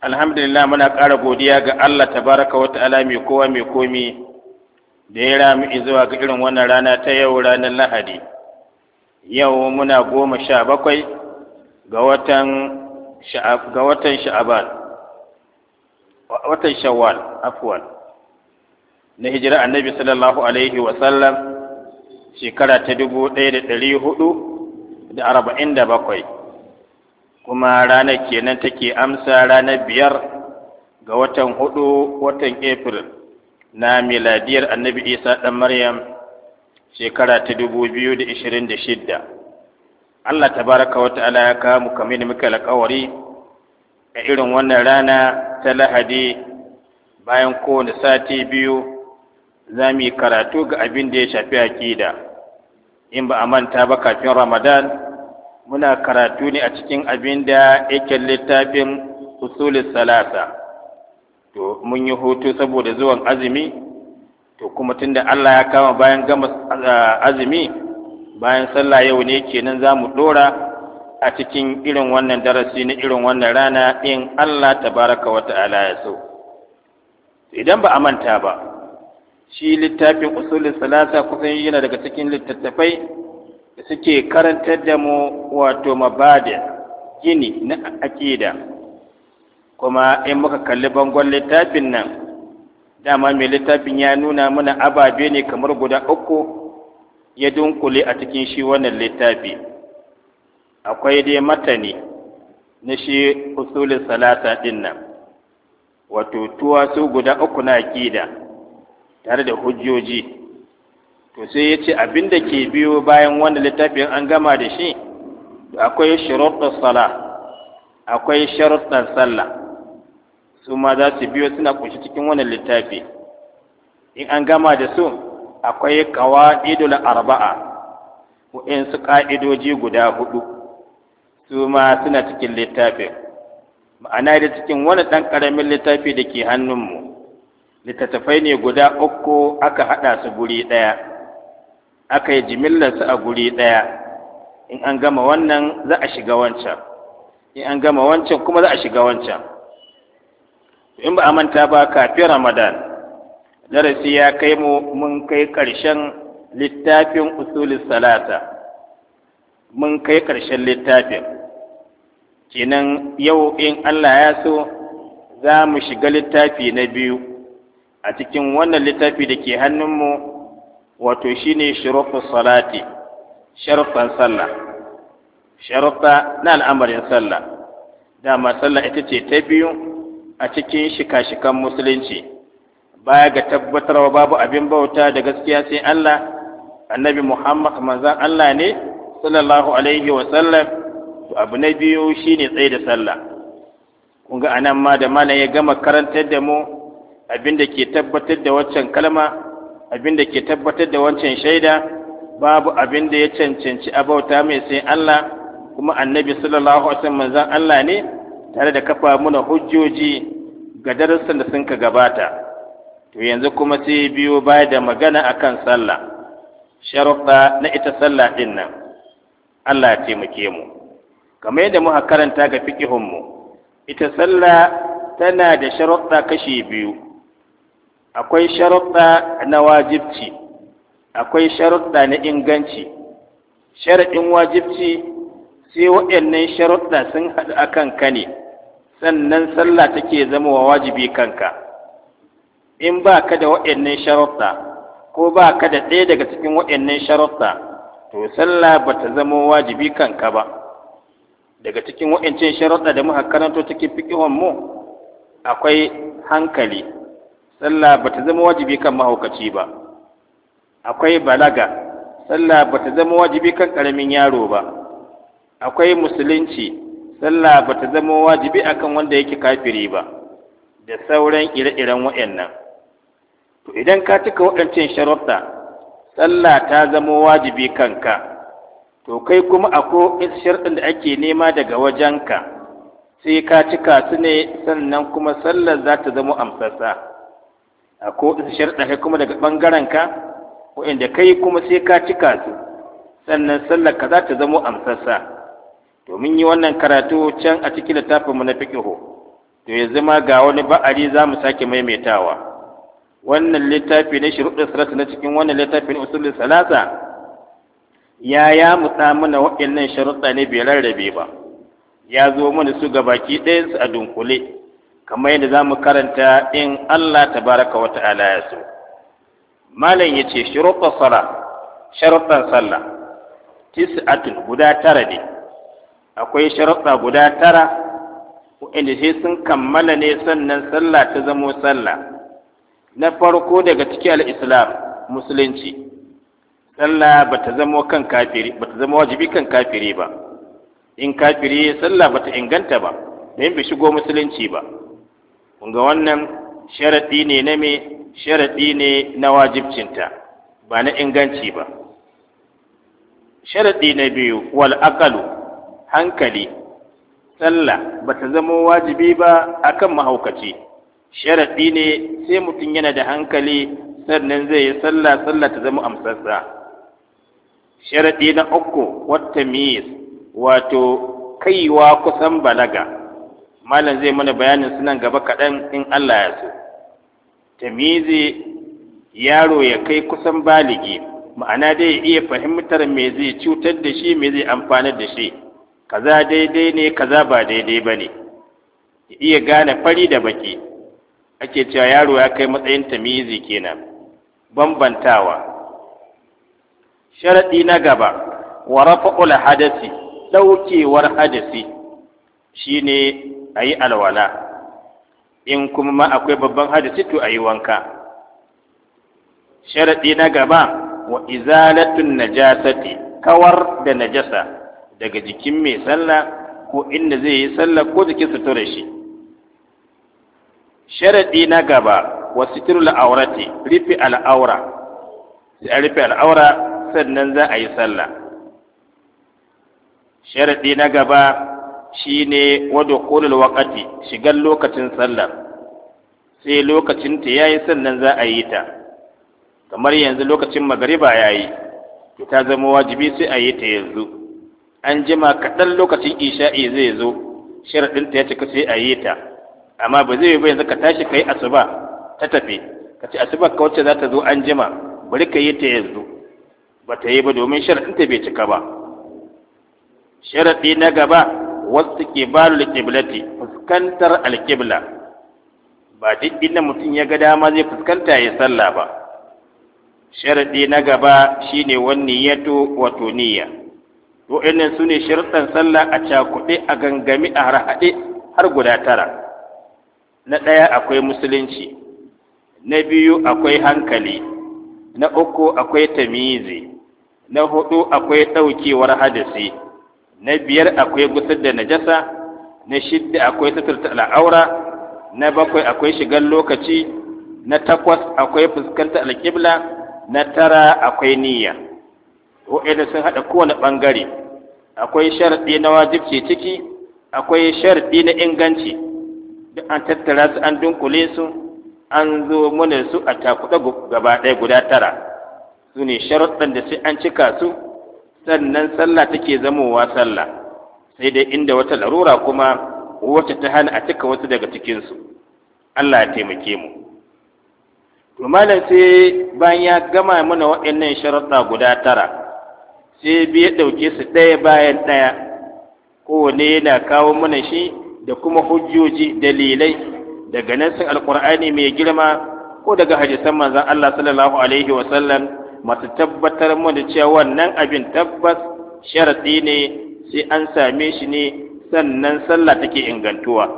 alhamdulillah muna ƙara godiya ga Allah tabaraka wa ta'ala mai kowa mai komi da ya rami zuwa ga irin wannan rana ta yau ranar lahadi yau muna goma sha bakwai ga watan sha'aban watan shawwal na hijira annabi sallallahu alaihi wa shekara ta dubu ɗaya da ɗari hudu da arba'in da bakwai kuma ranar kenan take amsa ranar biyar ga watan hudu watan april na miladiyar annabi isa dan maryam shekara ta dubu biyu da ishirin da shidda allah tabaraka wa ta'ala ya kawo mu kamar muka alkawari a irin wannan rana ta lahadi bayan kowane sati biyu za mu yi karatu ga abin da ya shafi aƙida in ba a manta ba kafin ramadan muna karatu ne a cikin abin da yake littafin usulis salasa to mun yi hutu saboda zuwan azumi to kuma tunda Allah ya kama bayan gama azumi bayan sallah yau ne kenan za mu dora a cikin irin wannan darasi na irin wannan rana in Allah tabaraka wa ta'ala ya so idan ba a manta ba shi littafin usulul salasa kusan yana daga cikin littattafai da suke karantar da mu wato mabada gini na aƙida kuma in muka kalli bangon littafin nan dama mai littafin ya nuna mana ababe ne kamar guda uku ya dunkule a cikin shi wannan littafi akwai dai matani na shi usulin salata ɗin nan wato tuwa su guda uku na aƙida tare da hujjoji to sai ya ce abin da ke biyo bayan wanda littafin an gama da shi akwai shuruɗin sala akwai sharuɗin sallah su ma za su biyo suna kunshi cikin wannan littafi in an gama da su akwai idola arba'a in su ka'idoji guda hudu su ma suna cikin littafin ma'ana da cikin wani ɗan ƙaramin littafi da ke hannunmu littattafai ne guda uku aka haɗa su guri ɗaya aka yi su a guri ɗaya in an gama wannan za a shiga wancan in an gama wancan kuma za a shiga wancan in ba a manta ba kafin ramadan darasi ya kai mu mun kai ƙarshen littafin usulin salata mun kai ƙarshen littafin kenan yau in allah ya so za mu shiga littafi na biyu a cikin wannan littafi da ke hannunmu wato ne shirufin salati sharuffan sallah na al'amarin sallah dama sallah ita ce ta biyu a cikin shika-shikan musulunci baya ga tabbatarwa babu abin bauta da gaskiya sai Allah annabi Muhammad manzan Allah ne sallallahu alaihi wa sallam to abu na biyu shine tsaye da sallah kun anan ma da malam ya gama karantar da mu abin da ke tabbatar da waccan kalma abinda ke tabbatar da wancan shaida babu abinda ya cancanci abauta mai sai Allah kuma annabi sallallahu alaihi wasallam manzon Allah ne tare da kafa muna hujjoji ga darussan da sun ka gabata to yanzu kuma sai biyo baya da magana akan sallah sharuɗa na ita sallah din nan Allah ya taimake mu kamar yadda muka karanta ga fiqihun mu ita sallah tana da sharuɗa kashi biyu akwai sharuɗa na wajibci akwai sharuɗa na inganci sharaɗin wajibci sai waɗannan sharuɗa sun haɗu a kanka ne sannan sallah take zama wa wajibi kanka in ba ka da waɗannan sharuɗa ko ba ka da ɗaya daga cikin waɗannan sharuɗa to sallah ba ta zama wajibi kanka ba daga cikin waɗancan sharuɗa da muka karanto cikin fiƙihon mu akwai hankali sallah ba ta zama wajibi kan mahaukaci ba akwai balaga sallah ba ta zama wajibi kan ƙaramin yaro ba akwai musulunci sallah ba ta zama wajibi akan wanda yake kafiri ba da sauran ire-iren waɗannan to idan ka cika waɗancan sharuɗa sallah ta zama wajibi kanka to kai kuma akwai sharɗin da ake nema daga wajenka sai ka cika su ne sannan kuma sallar za ta zama amsassa A ko sharɗa kai kuma daga ɓangaren ka wa'inda kai kuma sai ka cika su sannan sallar ka za ta zamo amsassa domin yi wannan karatu can a cikin littafin mu na fiqhu to ya zama ga wani ba'ari za mu sake maimaitawa wannan littafi na shuruɗin salatu na cikin wannan littafin usulul salasa ya ya mutsa mana waɗannan sharuɗa ne bai rarrabe ba ya zo mana su gabaki ɗayansu a dunkule kamar yadda za mu karanta in Allah Ta-baraka wa ta'ala ya so malam ya ce shuruɗar sala sharuɗan sallah tis'atun guda tara ne akwai sharuɗa guda tara waɗanda sai sun kammala ne sannan sallah ta zamo sallah na farko daga ciki al'islam musulunci sallah ba ta zamo kan kafiri ba ta zama wajibi kan kafiri ba in kafiri sallah ba ta inganta ba don bai shigo musulunci ba kunga wannan sharaɗi ne na me sharaɗi ne na wajibcinta ba na inganci ba sharaɗi na biyu wal aqalu hankali sallah ba ta zama wajibi ba akan mahaukaci sharaɗi ne sai mutum yana da hankali sannan zai yi sallah sallah ta zama amsassa sharaɗi na uku wata miyis, wato kaiwa kusan balaga malam zai mana bayanin sunan gaba kaɗan in Allah ya so tamizi yaro ya kai kusan baligi ma'ana dai iya fahimtar me zai cutar da shi me zai amfanar da shi kaza daidai ne kaza ba daidai ba ne iya gane fari da baki ake cewa yaro ya kai matsayin tamizi kenan bambantawa sharaɗi na gaba wa rafa'ul hadasi ɗaukewar hadasi shine a yi alwala in kuma ma akwai babban hadisi to a yi wanka sharaɗi na gaba wa izalatun najasati kawar da najasa daga jikin mai sallah ko inda zai yi sallah ko jikin sutura shi sharaɗi na gaba wa sitirul la'aurati, rufe al'aura sai a rufe al'aura sannan za a yi sallah sharaɗi na gaba Shi wadda kulul wakati shigar lokacin sallar sai lokacin ta yayi sannan za a yi ta kamar yanzu lokacin magariba yayi to ta zama wajibi sai a yi ta yanzu an jima kaɗan lokacin isha'i zai zo sharaɗin ta ya cika sai a yi ta amma ba zai yi ba yanzu ka tashi kai asuba ta tafi ka ce asuba ka wacce za ta zo an jima bari ka yi ta yanzu ba ta yi ba domin sharaɗin ta bai cika ba sharaɗi na gaba wasu kibalu alƙiblati fuskantar alƙibla ba duk inda mutum ya ga dama zai fuskanta ya sallah ba sharaɗi na gaba shine wani yato wato niyya wa'annan su ne sharuɗan sallah a cakuɗe a gangami a har guda tara na ɗaya akwai musulunci na biyu akwai hankali na uku akwai tamizi na hudu akwai ɗaukewar hadasi na biyar akwai gusar da najasa na shidda akwai suturta al'aura na bakwai akwai shigar lokaci na takwas akwai fuskantar alƙibla na tara akwai niyya wa'ida sun haɗa kowane ɓangare akwai sharaɗi na wajibci ciki akwai sharaɗi na inganci duk an tattara su an dunkule su an zo mana su a takuɗa gaba ɗaya guda tara su ne sharaɗin da sai an cika su sannan sallah take zamowa sallah sai dai inda wata larura kuma wacce ta hana a cika wasu daga cikinsu Allah ya taimake mu to malam sai bayan ya gama mana waɗannan sharaɗa guda tara sai bi ya ɗauke su ɗaya bayan ɗaya kowane yana kawo mana shi da kuma hujjoji dalilai daga nan sai alƙur'ani mai girma ko daga hadisan manzon Allah sallallahu alaihi wa sallam masu tabbatar mu da cewa wannan abin tabbas sharadi ne sai an same shi ne sannan sallah take ingantuwa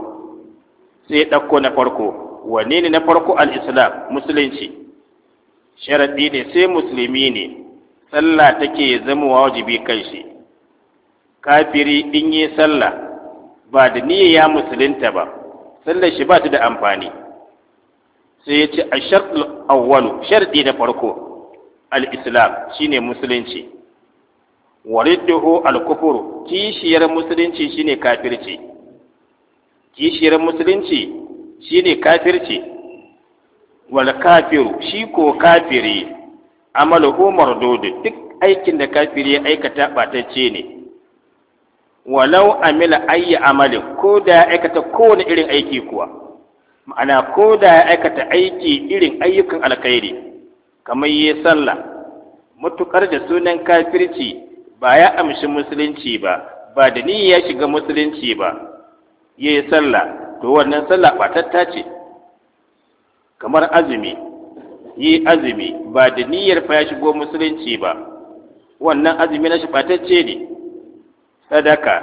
sai ɗauko na farko wane ne na farko al-islam musulunci sharadi ne sai musulmi ne sallah take zamowa wajibi kan shi kafiri in yi sallah ba da niyya ya musulunta ba sallar shi ba ta da amfani sai ya ce a sharɗin awwalu sharɗi na farko al-islam shine musulunci waridduhu al-kufur kishiyar musulunci shine kafirci kishiyar musulunci shine kafirci wal kafiru shi ko kafiri amaluhu mardud duk aikin da kafiri ya aikata batacce ne walau amila ayi amalin ko da ya aikata kowane irin aiki kuwa ma'ana ko da ya aikata aiki irin ayyukan alkhairi kamar yi sallah matukar da sunan kafirci ba ya amshi musulunci ba ba da ni ya shiga musulunci ba yi sallah to wannan sallah batatta ce kamar azumi yi azumi ba da niyyar fa ya shigo musulunci ba wannan azumi na shi batacce ne sadaka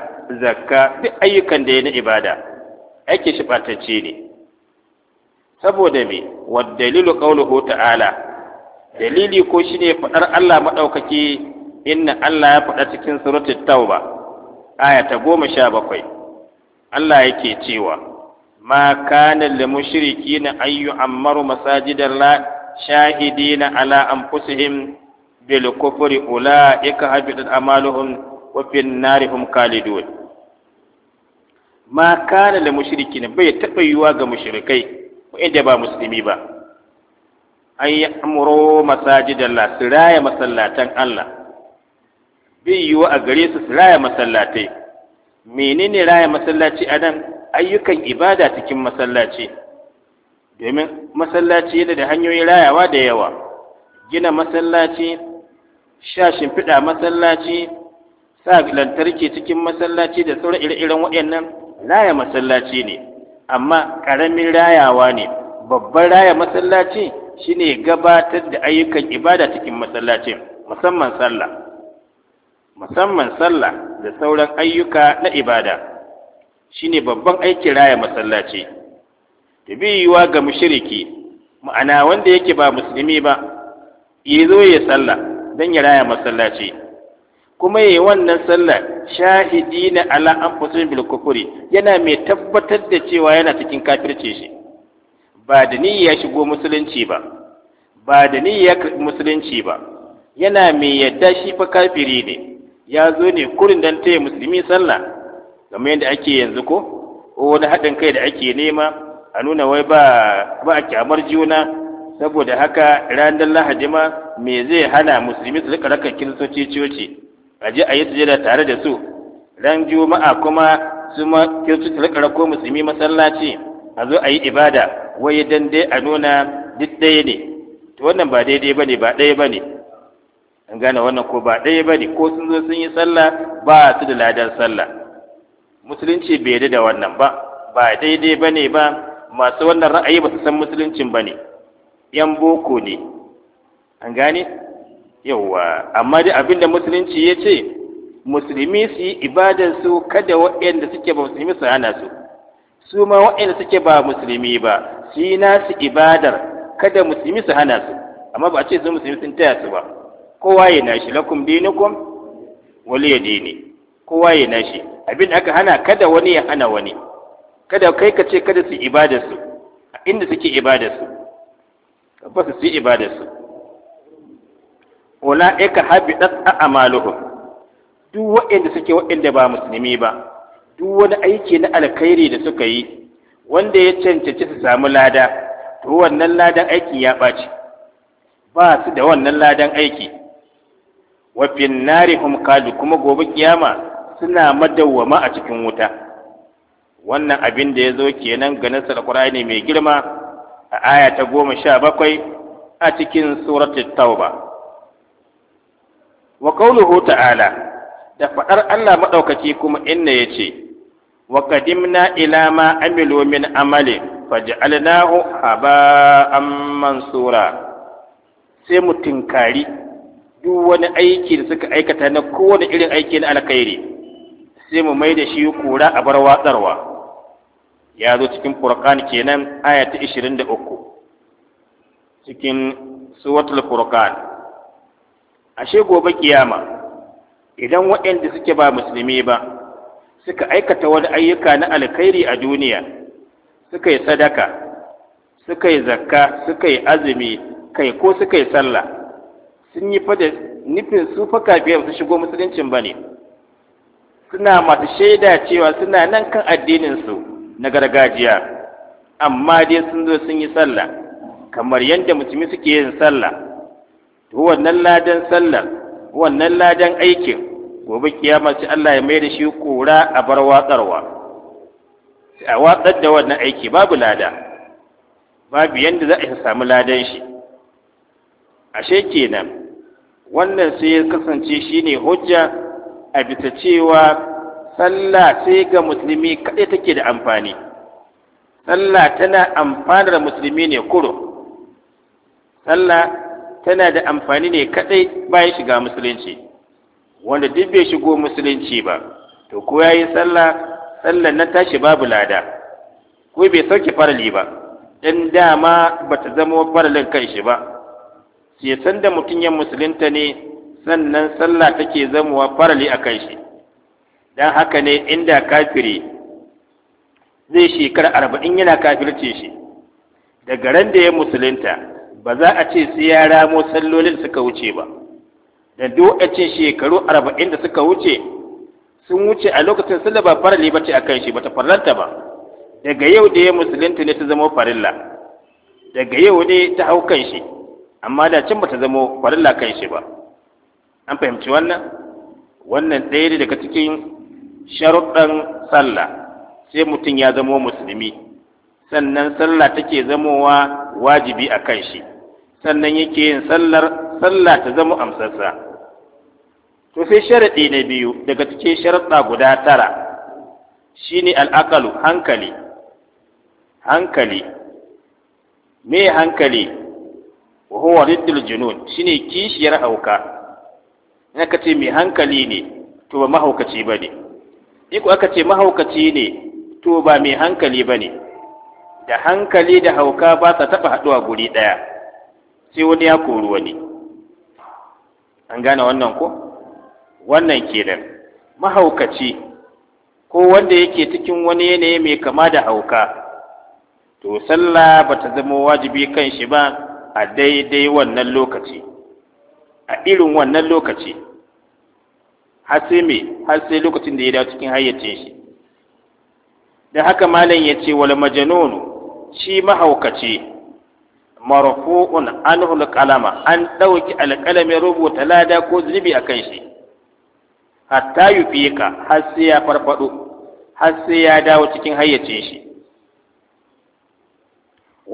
zakka duk ayyukan da ya na ibada ake shi batacce ne saboda me wa dalilu qauluhu ta'ala dalili ko shine faɗar Allah maɗaukaki inna Allah ya faɗa cikin surat tauba aya ta goma sha bakwai Allah yake cewa ma kana lil mushrikina an yu'ammaru masajidan la shahidina ala anfusihim bil kufri ulaika habitat amaluhum wa fin narihum khalidun ma kana lil mushrikina bai taɓa yiwa ga mushrikai wa'inda ba musulmi ba an yi amuro Allah su raya masallatan Allah bi yiwu a gare su su raya masallatai menene raya masallaci a nan ayyukan ibada cikin masallaci domin masallaci yana da hanyoyin rayawa da yawa gina masallaci sha shimfiɗa masallaci sa lantarki cikin masallaci da sauran ire-iren waɗannan raya masallaci ne amma ƙaramin rayawa ne babban raya masallaci shine gabatar da ayyukan ibada cikin masallacin musamman sallah musamman sallah da sauran ayyuka na ibada shine babban aikin raya masallaci da biyuwa ga mushiriki, ma'ana wanda yake ba musulmi ba ya zo ya sallah don ya raya masallaci kuma yi wannan sallah shahidi na ala'an anfusihim bil yana mai tabbatar da cewa yana cikin kafirce shi ba da niyya shigo musulunci ba ba da niyya musulunci ba yana mai yadda shi fa kafiri ne ya zo ne kurin dan taya musulmi sallah kamar yadda ake yanzu ko wani haɗin kai da ake nema a nuna wai ba ba a kyamar juna saboda haka ranar lahadi ma me zai hana musulmi su rika raka kiristoci coci a je a yi sujada tare da su ran juma'a kuma su ma kiristoci su rika rako musulmi masallaci a zo a yi ibada wai dan dai a nuna duk ɗaya ne to wannan ba daidai ba ne ba ɗaya ba ne an gane wannan ko ba ɗaya ba ne ko sun zo sun yi sallah ba su da ladan sallah musulunci bai yarda da wannan ba ba daidai ba ne ba masu wannan ra'ayi ba su san musuluncin ba ne yan boko ne an gane yawwa amma dai abin da musulunci ya ce musulmi su yi ibadansu kada waɗanda suke ba musulmi su hana su su ma waɗanda suke ba musulmi ba su yi nasu ibadar kada musulmi su hana su amma ba a ce su musulmi sun taya su ba kowa ya nashi lakum dinukum wali ya dini kowa ya nashi abin aka hana kada wani ya hana wani kada kai ka ce kada su ibadar su inda suke ibadar su ba su yi ibadar su wala habi habidat a'maluhum duk waɗanda suke waɗanda ba musulmi ba duk wani aiki na alkhairi da suka yi wanda ya cancanci su samu lada to wannan ladan aikin ya ɓaci ba su da wannan ladan aiki wa Nari hum kalu kuma gobe kiyama suna madawwama a cikin wuta wannan abin da ya zo kenan ga nasar qur'ani mai girma a aya ta goma sha bakwai a cikin suratul tauba wa ta'ala da faɗar Allah maɗaukaki kuma inna ya ce, wakadimna qadimna ila ma amilu min amali faj'alnahu haba'an sai mu tinkari duk wani aiki da suka aikata na kowane irin aiki na alkhairi sai mu mai da shi kura a bar watsarwa ya zo cikin furqan kenan aya ta 23 cikin suratul furqan ashe gobe kiyama idan waɗanda suke ba musulmi ba suka aikata wani ayyuka na alkhairi a duniya suka yi sadaka suka yi zakka suka yi azumi kai ko suka yi sallah sun yi fada nufin su fa kafiyar su shigo musuluncin bane suna masu shaida cewa suna nan kan addinin su na gargajiya amma dai sun zo sun yi sallah kamar yadda mutumi suke yin sallah to wannan ladan sallar wannan ladan aikin gobe kiyama sai Allah ya mai da shi kura a bar watsarwa sai a watsar da wannan aiki babu lada babu yanda za a samu ladan shi ashe kenan wannan sai ya kasance shine hujja a bisa cewa sallah sai ga musulmi kaɗai take da amfani sallah tana amfanar musulmi ne kuro sallah tana da amfani ne kaɗai bayan shiga musulunci wanda duk bai shigo musulunci ba to ko ya yi sallah sallan na tashi babu lada ko bai sauke farali ba Dan dama ba ta zama faralin kanshi ba sai san da mutum ya musulunta ne sannan sallah take zamowa farali a kanshi dan haka ne inda kafiri zai shekara arba'in yana kafirce shi daga ran da ya musulunta ba za a ce sai ya ramo sallolin suka wuce ba da dokacin shekaru arba'in da suka wuce sun wuce a lokacin sallah ba farali ba a kan shi ba ta farlanta ba daga yau da ya musulunta ne ta zama farilla daga yau ne ta hau kan shi amma da can ba ta zama farilla kan shi ba an fahimci wannan wannan ɗaya ne daga cikin sharuɗan sallah sai mutum ya zama musulmi sannan sallah take zamowa wajibi a kan shi sannan yake yin sallar sallah ta zama amsassa to sai sharaɗi na biyu daga cikin sharaɗa guda tara shine al'akalu hankali hankali me hankali wa huwa riddul junun shine kishiyar hauka in aka ce mai hankali ne to ba mahaukaci ba ne in ku aka ce mahaukaci ne to ba mai hankali ba ne da hankali da hauka ba sa taɓa haɗuwa guri ɗaya sai wani ya kori wani an gane wannan ko wannan kenan mahaukaci ko wanda yake cikin wani yanayi mai kama da hauka to sallah bata zama wajibi kan shi ba a daidai wannan lokaci a irin wannan lokaci har sai me har sai lokacin da ya dawo cikin hayyacin shi da haka malam ya ce wal majanunu shi mahaukaci marfu'un anhu al-qalama an dauki alqalami rubuta lada ko zunubi akan shi hatta yufika har sai ya farfado har sai ya dawo cikin hayyacin shi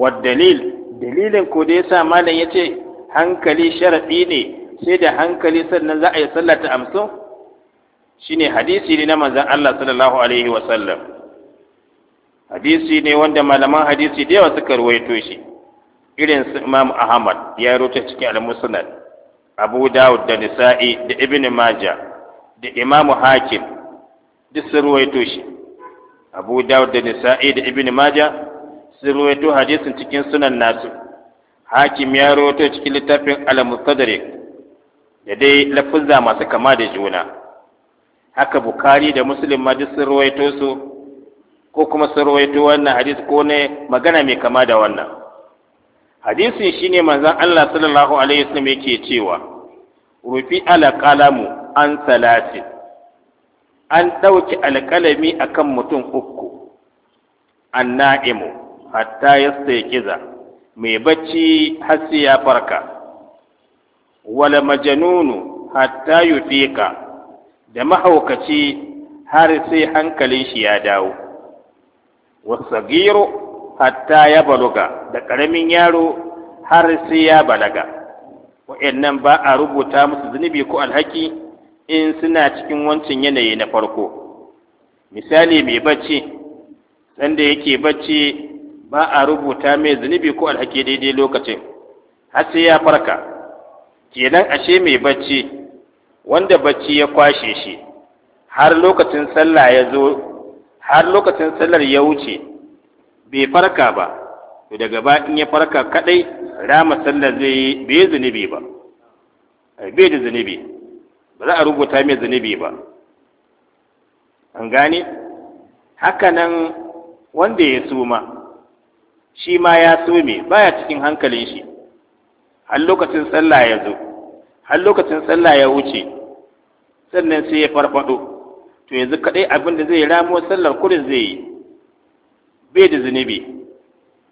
wad dalil dalilin ko da yasa malam yace hankali sharadi ne sai da hankali sannan za a yi sallah ta amsu shine hadisi ne na manzon Allah sallallahu alaihi wasallam hadisi ne wanda malaman hadisi da yawa suka ruwaito shi irin su Imam Ahmad ya rute cikin al-Musnad Abu Dawud da Nisa'i da Ibn Maja da Imam Hakim duk sun ruwaito shi Abu Dawud da Nisa'i da Ibn Maja sun ruwaito hadisin cikin sunan nasu Hakim ya rute cikin littafin Al-Mustadrak da dai lafuzza masu kama da juna haka Bukari da Muslim ma duk sun ruwaito su ko kuma sun ruwaito wannan hadisi ko ne magana mai kama da wannan hadisin shine manzon Allah sallallahu alaihi wasallam yake cewa rufi alqalamu an salatin an ɗauki alƙalami akan mutum uku an na'imu hatta ya kiza mai bacci har sai ya farka wala majanunu hatta yufika da mahaukaci har sai hankalin shi ya dawo wasagiru hatta ya baluga da ƙaramin yaro har sai ya balaga wa'annan ba a rubuta musu zunubi ko alhaki in suna cikin wancan yanayi na farko misali mai bacci sanda yake bacci ba a rubuta mai zunubi ko alhaki daidai lokacin har sai ya farka kenan ashe mai bacci wanda bacci ya kwashe shi har lokacin sallah ya zo har lokacin sallar ya wuce bai farka ba to daga ba in ya farka kadai rama sallar zai bai zunubi ba bai da zunubi ba za a rubuta mai zunubi ba an gane nan, wanda ya suma shi ma ya sume baya cikin hankalin shi har lokacin sallah ya zo har lokacin sallah ya wuce sannan sai ya farfado to yanzu kadai abin da zai ramo sallar kurin zai yi bai da zunubi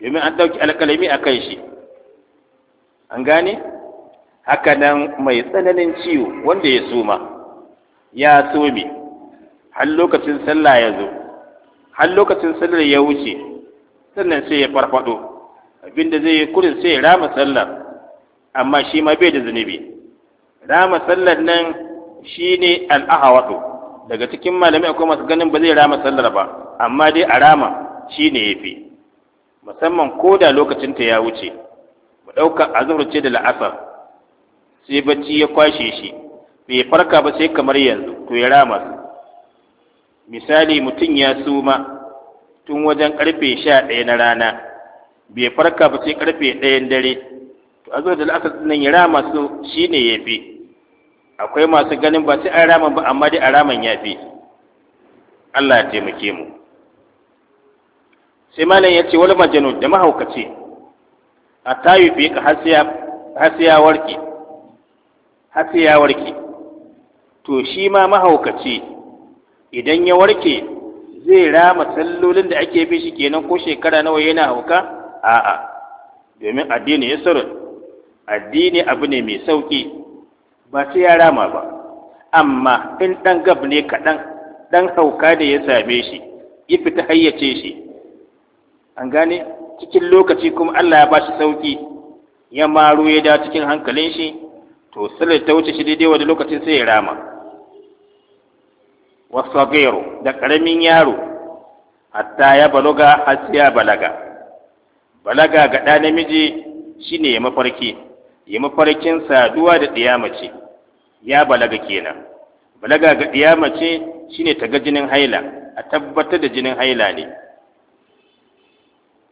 domin an ɗauki alƙalami a kan shi an gane haka nan mai tsananin ciwo wanda ya suma ya some har lokacin sallah ya zo har lokacin sallar ya wuce sannan sai ya farfado abinda zai yi kurin sai ya rama sallar amma shi ma bai da zunubi rama sallar nan shi ne al'ahawatu daga cikin malamai akwai masu ganin ba zai rama sallar ba amma dai a rama Shi ne ya fi. musamman ko da lokacinta ya wuce mu ɗauka a ce da la'asar sai bacci ya kwashe shi bai farka ba sai kamar yanzu to ya rama su misali mutum ya suma tun wajen ƙarfe sha ɗaya na rana bai farka ba sai ƙarfe ɗayan dare to azhar da la'asar nan ya rama su shi ne ya fi. akwai masu ganin ba sai an rama ba amma dai a raman fi. Allah ya taimake mu sai malam ya ce wani majnun da mahaukaci a tayu fi ka hasiya warke hasiya warke to shi ma mahaukaci idan ya warke zai rama sallolin da ake bi shi kenan ko shekara nawa yana hauka a'a domin addini ya sirrin addini abu ne mai sauƙi. ba sai ya rama ba amma in ɗan gab ne kaɗan ɗan hauka da ya same shi ya fita hayyace shi an gane cikin lokaci kuma Allah ya bashi sauki ya maro ya da cikin hankalin shi to sai ta wuce shi daidai wani lokacin sai ya rama wasagero da karamin yaro hatta ya baloga hatta balaga balaga ga ɗa namiji shine ya mafarki ya mafarkin saduwa da ɗiya ya balaga kenan balaga ga ɗiya mace shine ta ga jinin haila a tabbatar da jinin haila ne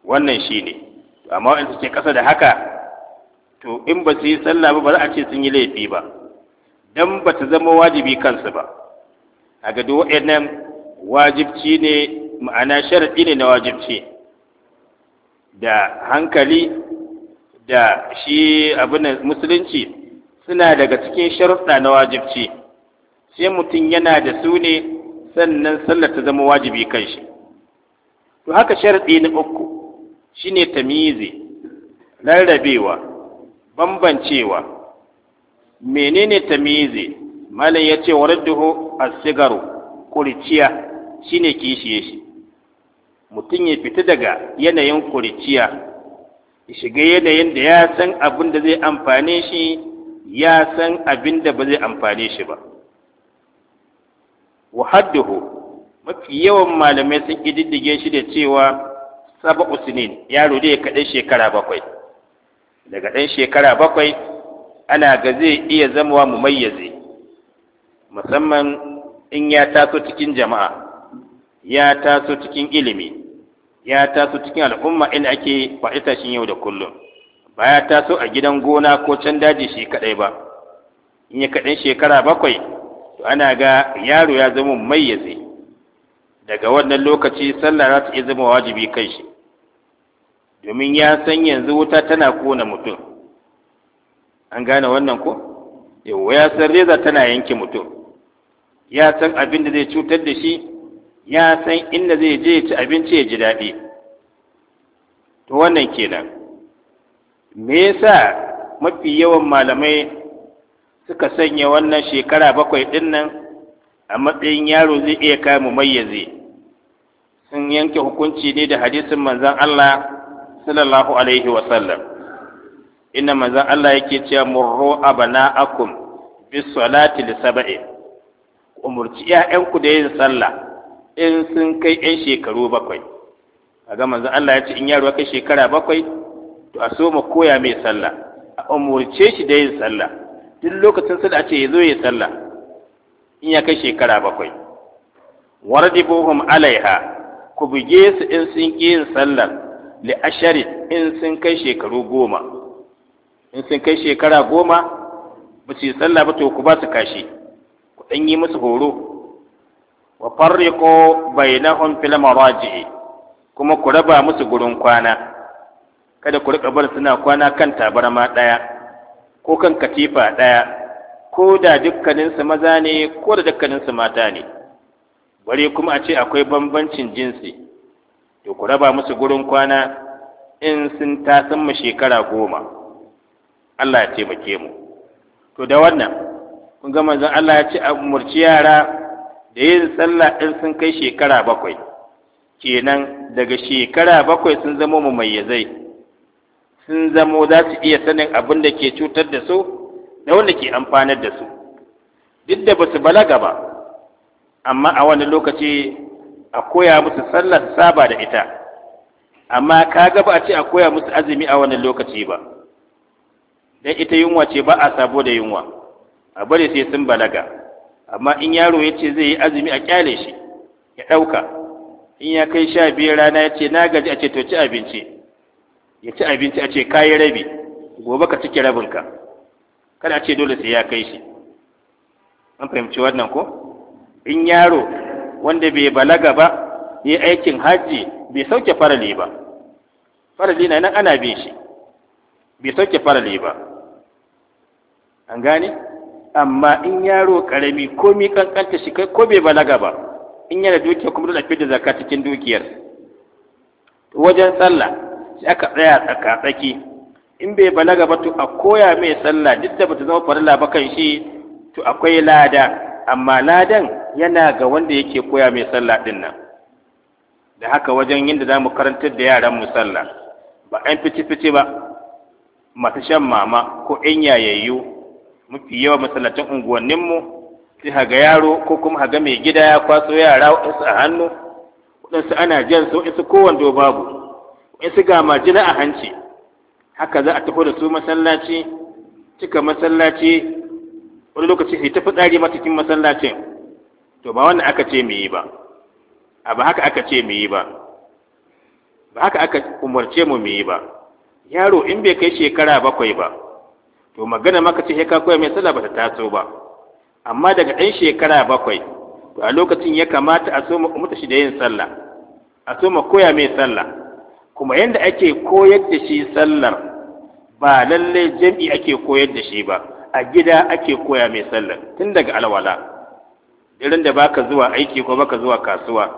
wannan shi ne amma wa'in ce ƙasa da haka to in ba su yi sallah ba ba za a ce sun yi laifi ba dan ba ta zama wajibi kansu ba a ga duk wa'annan wajibci ne ma'ana sharaɗi ne na wajibci da hankali da shi abin musulunci suna daga cikin sharuɗa na wajibci sai mutum yana da su ne sannan sallar ta zama wajibi kan shi to haka sharaɗi na uku shine tamizi rarrabewa bambancewa menene tamizi malam ya ce waradduhu as-sigaru kuriciya shine kishiye shi mutum ya fita daga yanayin Ya shiga yanayin da ya san abin da zai amfane shi ya san abin da ba zai amfane shi ba wahadduhu mafi yawan malamai sun ƙididdige shi da cewa sab'u sinin yaro dai kaɗan shekara bakwai daga ɗan shekara bakwai ana ga zai iya zamawa mumayyaze musamman in ya taso cikin jama'a ya taso cikin ilimi ya taso cikin al'umma inda ake faɗi tashin yau da kullum ba ya taso a gidan gona ko can daji shi kaɗai ba in ya kaɗan shekara bakwai to ana ga yaro ya zama mayyaze daga wannan lokaci sallah za ta iya zama wajibi kan shi domin ya san yanzu wuta tana kona mutum an gane wannan ko yau ya san reza tana yanke mutum ya san abin da zai cutar da shi ya san inda zai je ya ci abinci ya ji daɗi to wannan kenan me yasa mafi yawan malamai suka sanya wannan shekara bakwai ɗin nan a matsayin yaro zai iya kama mayyaze sun yanke hukunci ne da hadisin manzon Allah sallallahu alaihi wa sallam inna manzon Allah yake cewa murru abana'akum bis salati li sab'i umurci ku da yin sallah in sun kai ƴan shekaru bakwai kaga manzon Allah ya ce in yaro kai shekara bakwai to a so mu koya mai sallah a umurce shi da yin sallah duk lokacin sai a ce ya zo ya sallah in ya kai shekara bakwai waradibuhum alaiha ku buge su in sun ƙi yin sallar li asharin in sun kai shekaru goma in sun kai shekara goma ba su yi sallah ba to ku ba su kashi ku ɗan yi musu horo wa farriqu bainahum fil maraji'i kuma ku raba musu gurin kwana kada ku riƙa bar suna kwana kan tabarma ɗaya ko kan katifa ɗaya ko da dukkaninsu maza ne ko da dukkaninsu mata ne bare kuma a ce akwai bambancin jinsi to ku raba musu gurin kwana in sun tasan mu shekara goma Allah ya taimake mu to da wannan kun ga manzon Allah ya ce a yara da yin sallah in sun kai shekara bakwai kenan daga shekara bakwai sun zama mu mayyazai sun zamo za su iya sanin abin da ke cutar da su da wanda ke amfanar da su duk da ba su balaga ba amma a wani lokaci a koya musu sallar saba da ita amma ka ga ba a ce a koya musu azumi a wani lokaci ba dan ita yunwa ce ba a sabo da yunwa a bari sai sun balaga amma in yaro ya ce zai yi azumi a kyale shi ya ɗauka in ya kai sha biyar rana ya ce na gaji a ce to ci abinci ya ci abinci a ce yi rabi gobe ka cike rabinka kada a ce dole sai ya kai shi an fahimci wannan ko in yaro wanda bai balaga ba yi aikin hajji bai sauke farali ba farali na nan ana bin shi bai sauke farali ba an gane amma in yaro karami ko mi kankanta shi kai ko bai balaga ba in yana dukiya kuma dole fitar da zakka cikin dukiyar wajen sallah sai aka tsaya tsaka tsaki in bai balaga ba to a koya mai sallah duk da bata zama farilla ba kan shi to akwai lada amma ladan yana ga wanda yake koya mai sallah din nan da haka wajen yin da za mu karantar da yaran mu sallah ba ɗan fice-fice ba masu shan mama ko ɗan yayayyu mafi yawa masallacin unguwanninmu sai haga yaro ko kuma haga mai gida ya kwaso yara waɗansu a hannu waɗansu ana jan su waɗansu da babu waɗansu ga majina a hanci haka za a taho da su masallaci cika masallaci wani lokaci sai ta fitsari ma cikin masallacin to ba wannan aka ce mu yi ba a ba haka aka ce mu yi ba ba haka aka umarce mu mu yi ba yaro in bai kai shekara bakwai ba to magana maka ce ka koya mai sallah ba ta taso ba amma daga ɗan shekara bakwai to a lokacin ya kamata a so mu mutu shi da yin sallah a so mu koya mai sallah kuma yanda ake koyar da shi sallar ba lallai jam'i ake koyar da shi ba a gida ake koya mai sallar tun daga alwala irin da baka zuwa aiki ko baka zuwa kasuwa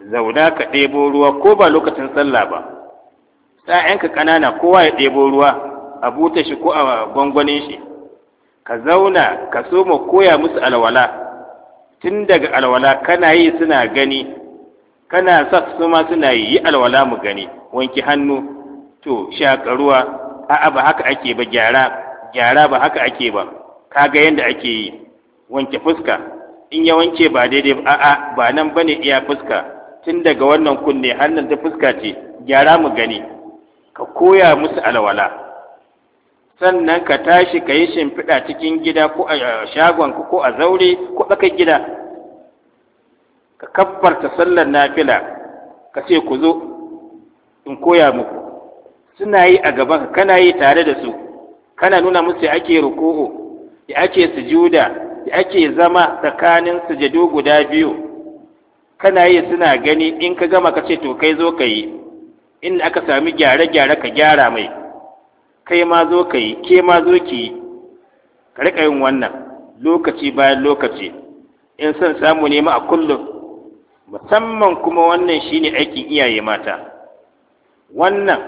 zauna ka ɗebo ruwa ko ba lokacin sallah ba ‘ya'yanka ƙanana kowa ya ɗebo ruwa a buta shi ko a gwangwanin shi ka zauna ka soma koya musu alwala tun daga alwala kana yi suna gani kana sa su ma suna yi alwala mu gani wanki hannu to shaƙa ruwa a'a ba haka ake ba gyara gyara ba haka ake ba kaga yadda ake yi wanke fuska in ya wanke ba daidai a'a ba nan bane iya fuska tun daga wannan kunne hannun ta fuska ce gyara mu gani ka koya musu alwala sannan ka tashi ka yi shimfiɗa cikin gida ko a shagon ko a zaure ko tsakar gida ka kabbarta sallar nafila ka ce ku zo in koya muku suna yi a gaban kana yi tare da su kana nuna musu ya ake ruku'u ya ake sujuda ake zama tsakanin sujadu guda biyu kana yi suna gani in ka gama ka ce to kai zo ka yi inda aka sami gyare-gyare ka gyara mai kai ma zo ka yi ke ma zo ki yi ka riƙa yin wannan lokaci bayan lokaci in son samu nema a kullum musamman kuma wannan shine aikin iyaye mata wannan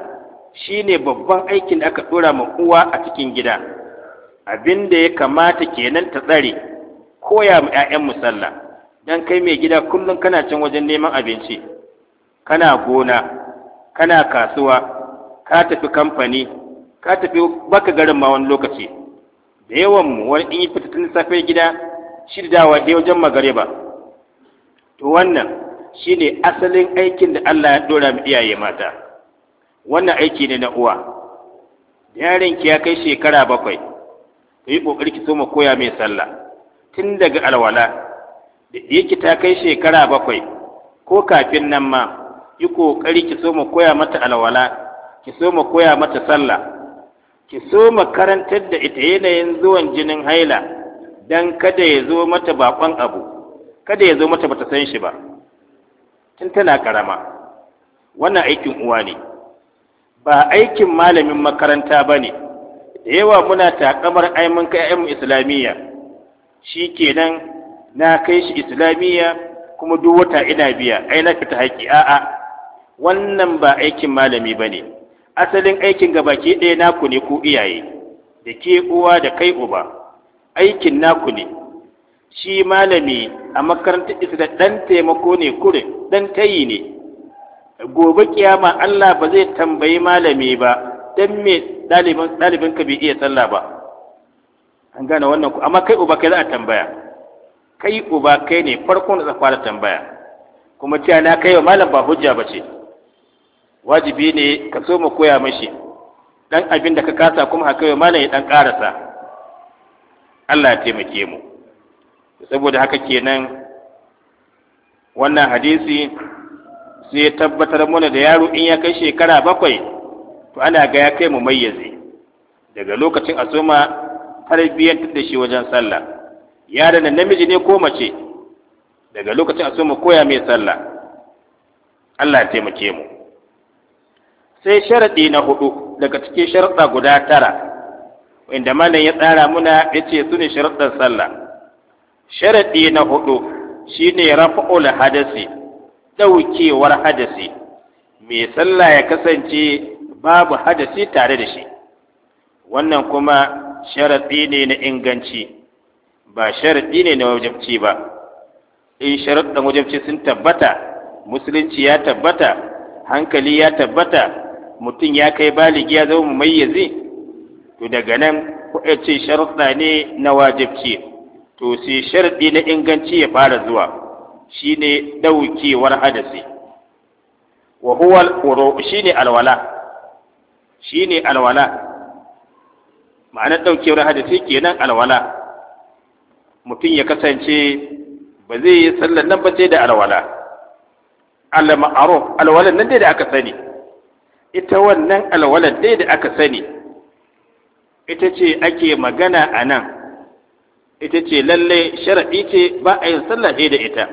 shine babban aikin da aka ɗora ma uwa a cikin gida abin da ya kamata kenan ta tsare koya ma 'ya'yan musalla don kai mai gida kullum kana can wajen neman abinci kana gona kana kasuwa ka tafi kamfani ka tafi baka garin ma wani lokaci da yawan mu wani in yi fita tun safe gida shi da wajen magariba to wannan shine asalin aikin da Allah ya dora mu iyaye mata wannan aiki ne na uwa yaron ki ya kai shekara bakwai ka yi ƙoƙari ki soma koya mai sallah tun daga alwala da yake ta kai shekara bakwai ko kafin nan ma yi ƙoƙari ki soma koya mata alwala ki soma koya mata sallah ki soma karantar da ita yanayin zuwan jinin haila dan kada ya zo mata bakon abu kada ya zo mata bata san shi ba tun tana karama wannan aikin uwa ne ba aikin malamin makaranta ba ne da yawa muna takamar aimun kai ayyamu islamiyya shi kenan na kai shi islamiyya kuma duk wata ina biya ai na fita haƙƙi a'a wannan ba aikin malami ba ne asalin aikin gabaki ɗaya naku ne ku iyaye da ke uwa da kai uba aikin naku ne shi malami a makarantar isa ɗan taimako ne kure ɗan tayi ne gobe kiyama Allah ba zai tambayi malami ba dan me ɗaliban ɗaliban ka bai iya sallah ba an gane wannan ku amma kai uba kai za a tambaya kai uba kai ne farko da fara tambaya kuma cewa na kai wa malam ba hujja ba ce wajibi ne ka so mu koya mashi dan abin da ka kasa kuma haka kai malam ya dan karasa Allah ya taimake mu saboda haka kenan wannan hadisi sai ya tabbatar mana da yaro in ya kai shekara bakwai to ana ga ya kai mu mayyaze daga lokacin a har tarbiyyantar da shi wajen sallah yaron da namiji ne ko mace daga lokacin a soma koya mai sallah Allah ya taimake mu sai sharaɗi na hudu daga cikin sharaɗa guda tara inda malam ya tsara muna ya ce su ne sallah sharaɗi na hudu shine rafa'ul hadasi ɗaukewar hadasi mai sallah ya kasance babu hadasi tare da shi wannan kuma sharaɗi ne na inganci ba sharaɗi ne na wajabci ba in sharaɗin wajabci sun tabbata musulunci ya tabbata hankali ya tabbata mutum ya kai baligi ya zama mayyazi to daga nan kuɗa ce sharaɗa ne na wajabci to sai sharaɗi na inganci ya fara zuwa shine ɗaukewar hadasi wa huwa shine alwala Shi ne alwala ma'anar ɗaukewar hadisi kenan alwala mutum ya kasance ba zai yi sallar nan ba sai da alwala al-ma'ruf alwalan nan dai da aka sani ita wannan alwalan dai da aka sani ita ce ake magana a nan ita ce lalle sharaɗi ce ba a yin sallah da ita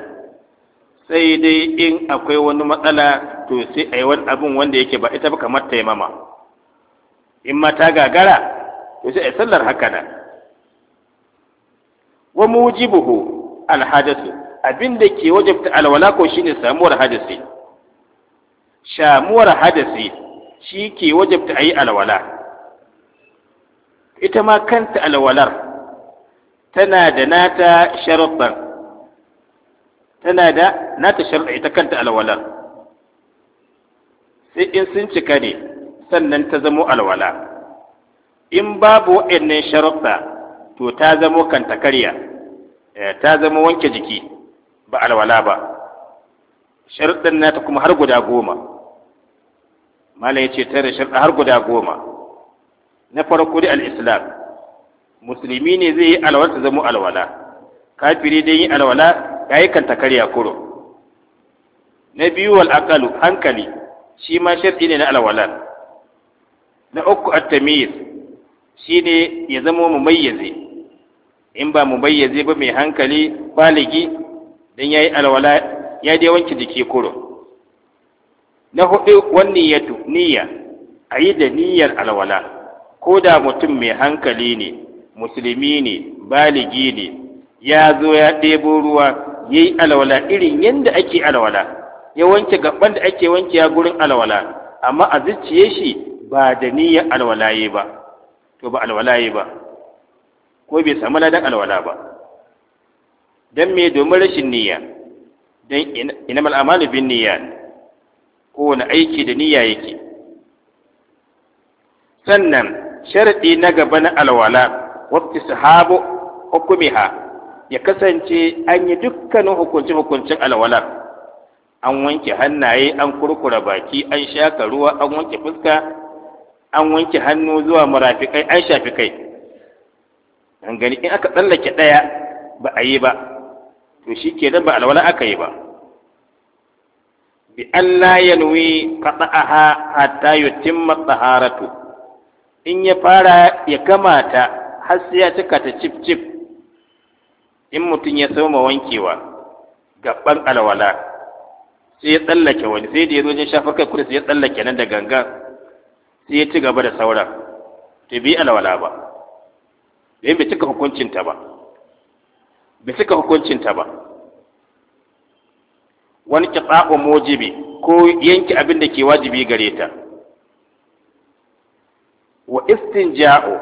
sai dai in akwai wani matsala to sai a yi wani abin wanda yake ba ita ba kamar taimama in ma ta gagara to sai sallar haka nan wa mujibuhu alhadasu abinda ke wajabta alwala ko shine samuwar hadasi shamuwar hadasi shi ke wajabta ayi alwala ita ma kanta alwalar tana da nata sharuɗan tana da nata sharuɗa ita kanta alwalar sai in sun cika ne sannan ta zamo alwala in babu waɗannan sharuɗa to ta zamo kanta karya eh, ta zamo wanke jiki ba alwala ba sharuɗan nata kuma har guda goma mala ya ce ta da sharuɗa har guda goma na farko da al'islam musulmi ne zai yi alwala ta zamo alwala kafiri dai yi alwala ya yi kanta karya kuro na biyu wal hankali shi ma sharɗi ne na alwalar na uku at-tamyiz shine ya zama mumayyizi in ba mumayyizi ba mai hankali baligi dan yayi alwala ya dai wanke jiki kuro na hudu wannan yatu niyya ayi da niyyar alwala ko da mutum mai hankali ne musulmi ne baligi ne ya zo ya ɗebo ruwa ya yi alwala irin yadda ake alwala ya wanke gaban da ake wanke ya gurin alwala amma a zuciye shi ba da niyyar alwalaye ba to ba alwalaye ba ko bai samu ladan alwala ba dan me domin rashin niyya dan inamal amalu bin niyya kowane aiki da niyya yake sannan sharadi na gaba na alwala waqti sahabu hukumiha ya kasance an yi dukkanin hukunci hukuncin alwalar an wanke hannaye an kurkura baki an shaka ruwa an wanke fuska an wanke hannu zuwa murafikai an shafi kai an gani in aka tsallake ɗaya ba a yi ba to shi ke ba alwala aka yi ba bi Allah ya nuwi qata'aha hatta yutimma taharatu in ya fara ya kamata har sai ya cika ta cif cif in mutum ya soma wankewa gaban alwala sai ya tsallake wani sai da ya zo jin shafa kai kudu sai ya tsallake nan da gangan sai ya ci gaba da sauran to bi alwala ba da bai cika hukuncinta ba bai cika hukuncinta ba wani kitsa'u mojibi ko yanki abin da ke wajibi gare ta wa ja'o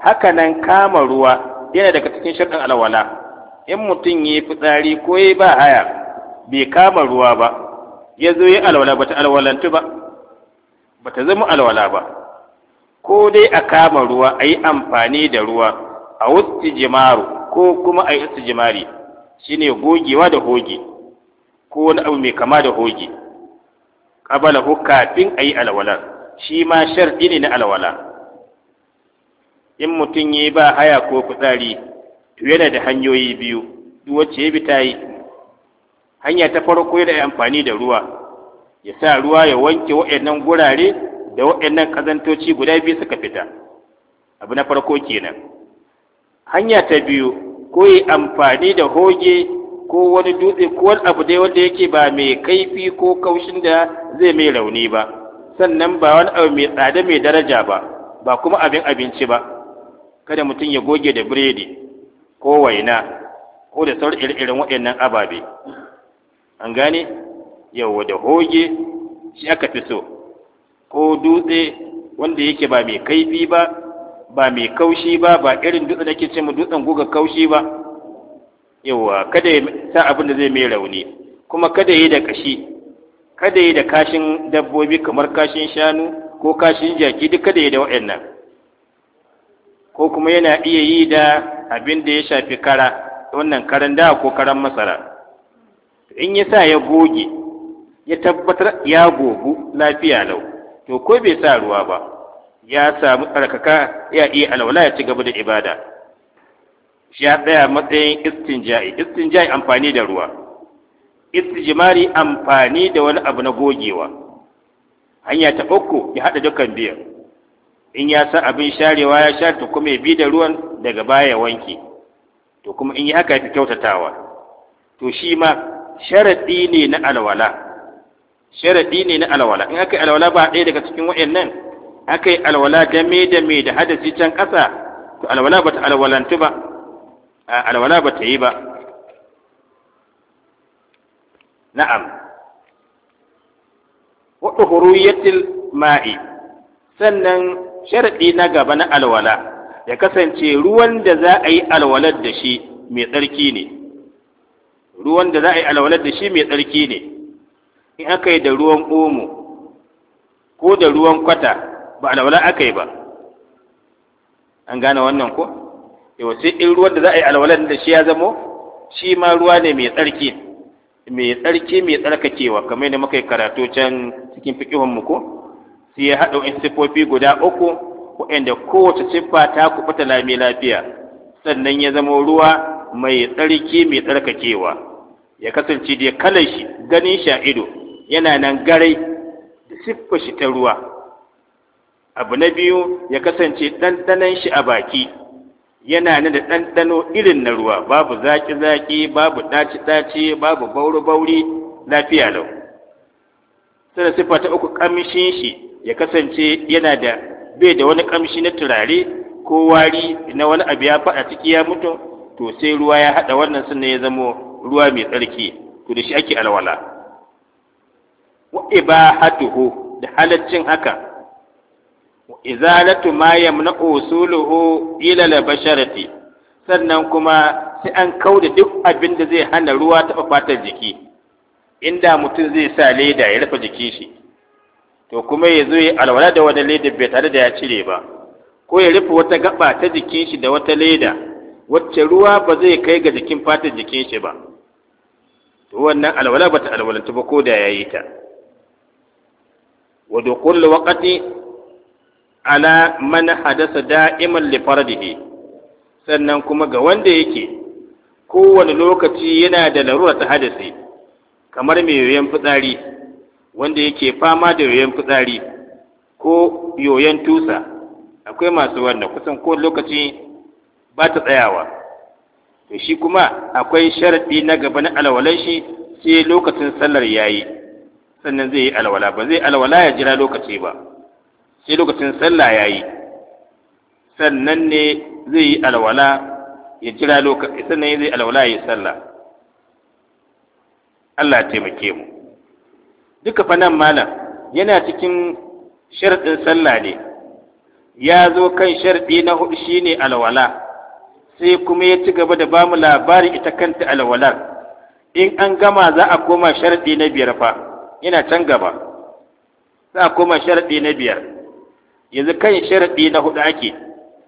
haka nan kama ruwa yana daga cikin shirɗin alwala in mutum ya yi fitsari ko ya ba haya bai kama ruwa ba ya zo ya alwala ba ta alwalantu ba ba ta zama alwala ba ko dai a kama ruwa a yi amfani da ruwa a wasu jimaru ko kuma a yi wasu jimari shine gogewa da hoge ko wani abu mai kama da hoge ƙabala ko kafin a yi alwala shi ma sharɗi ne na alwala in mutum ya yi ba haya ko fitsari to yana da hanyoyi biyu wacce ya bi ta yi hanya ta farko yana amfani da ruwa ya sa ruwa ya wanke waɗannan gurare da waɗannan kazantoci guda biyu suka fita abu na farko kenan hanya ta biyu ko yi amfani da hoge ko wani dutse ko wani abu dai wanda yake ba mai kaifi ko kaushin da zai mai rauni ba sannan ba wani abu mai tsada mai daraja ba ba kuma abin abinci ba kada mutum ya goge da biredi ko waina ko da sauran irin waɗannan ababe an gane yawa da hoge shi aka fi so ko dutse wanda yake ba mai kaifi ba ba mai kaushi ba ba irin dutsen da ke ce mu dutsen guga kaushi ba yawa kada ya sa abin da zai mai rauni kuma kada ya yi da kashi kada ya yi da kashin dabbobi kamar kashin shanu ko kashin jaki duk kada ya yi da waɗannan ko kuma yana iya yi da abin da ya shafi kara wannan karan da ko karan masara in ya sa ya goge ya tabbatar ya gogu lafiya lau to ko bai sa ruwa ba ya samu tsarkaka ya iya alwala ya ci gaba da ibada shi ya tsaya matsayin istinja'i istinja'i amfani da ruwa istijmari amfani da wani abu na gogewa hanya ta uku ya haɗa dukkan biyan in ya san abin sharewa ya sha to kuma ya bi da ruwan daga baya wanki to kuma in yi haka ya fi kyautatawa to shi ma sharaɗi ne na alwala sharadi ne na alwala in aka yi alwala ba ɗaya daga cikin wa'annan aka yi alwala da me da me da hadasi can ƙasa to alwala ba ta alwalantu ba alwala ba ta yi ba na'am wa ɗuhuruyatil ma'i sannan sharaɗi na gaba na alwala ya kasance ruwan da za a yi alwalar da shi mai tsarki ne ruwan da za a yi alwalar da shi mai tsarki ne in aka yi da ruwan omo ko da ruwan kwata ba alwala aka yi ba an gane wannan ko yau sai in ruwan da za a yi alwalan da shi ya zamo shi ma ruwa ne mai tsarki mai tsarki mai tsarkakewa kamar yadda muka yi karatu can cikin fikihun mu ko sai ya haɗa in sifofi guda uku waɗanda kowace siffa ta kuɓuta lami lafiya sannan ya zamo ruwa mai tsarki mai tsarkakewa ya kasance da kalar shi ganin sha ido yana nan garai da siffa shi ta ruwa abu na biyu ya kasance ɗanɗanon shi a baki yana nan da ɗanɗano irin na ruwa babu zaƙi-zaƙi babu ɗaci-ɗaci babu bauri-bauri lafiya lau sai siffa ta uku ƙamshin shi ya kasance yana da bai da wani ƙamshi na turare ko wari na wani abu ya faɗa ciki ya mutu to sai ruwa ya haɗa wannan sannan ya zamo ruwa mai tsarki to da shi ake alwala wa ibahatuhu da halaccin haka wa izalatu ma yamna usuluhu ila basharati sannan kuma sai an kauda duk abin da zai hana ruwa taɓa fatar jiki inda mutum zai sa leda ya rufe jikin shi to kuma ya zo ya alwala da wani leda bai tare da ya cire ba ko ya rufe wata gaba ta jikin shi da wata leda wacce ruwa ba zai kai ga jikin fatar jikin shi ba to wannan alwala bata alwalanta ba ko da yayi ta wa dukhul waqti ala man hadasa da'iman li sannan kuma ga wanda yake kowane lokaci yana da larura ta hadasi kamar mai yoyon fitsari wanda yake fama da yoyon fitsari ko yoyon tusa akwai masu wannan kusan kowane lokaci ba ta tsayawa to shi kuma akwai sharaɗi na gaba na alwalan shi sai lokacin sallar yayi sannan zai yi alwala ba zai alwala ya jira lokaci ba sai lokacin sallah ya yi sannan ne zai yi alwala ya jira lokaci sannan zai alwala ya yi sallah Allah ya taimake mu duka fa nan malam yana cikin sharɗin sallah ne ya zo kan sharɗi na hudu shine alwala sai kuma ya ci gaba da bamu labarin ita kanta alwalar in an gama za a koma sharɗi na biyar fa yana can gaba za a koma sharaɗi na biyar yanzu kan sharaɗi na hudu ake